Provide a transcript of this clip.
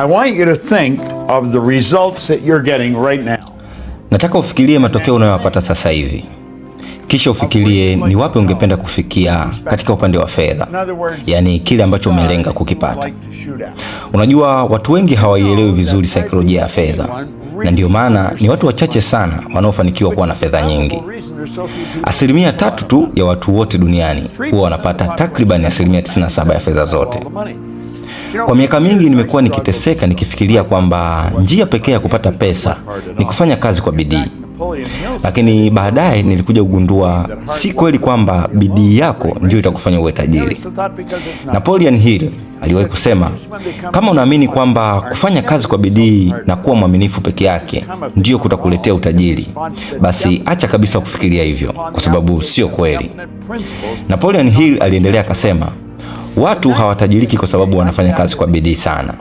I want you to think of the results that you're getting right now. Nataka ufikirie matokeo unayoyapata sasa hivi, kisha ufikirie ni wapi ungependa kufikia katika upande wa fedha, yaani kile ambacho umelenga kukipata. Unajua, watu wengi hawaielewi vizuri saikolojia ya fedha, na ndiyo maana ni watu wachache sana wanaofanikiwa kuwa na fedha nyingi. Asilimia tatu tu ya watu wote duniani huwa wanapata takribani asilimia 97 ya fedha zote. Kwa miaka mingi nimekuwa nikiteseka nikifikiria kwamba njia pekee ya kupata pesa ni kufanya kazi kwa bidii, lakini baadaye nilikuja kugundua si kweli kwamba bidii yako ndio itakufanya uwe tajiri. Napoleon Hill aliwahi kusema, kama unaamini kwamba kufanya kazi kwa bidii na kuwa mwaminifu peke yake ndiyo kutakuletea utajiri, basi acha kabisa kufikiria hivyo, kwa sababu sio kweli. Napoleon Hill aliendelea akasema Watu hawatajiriki kwa sababu wanafanya kazi kwa bidii sana.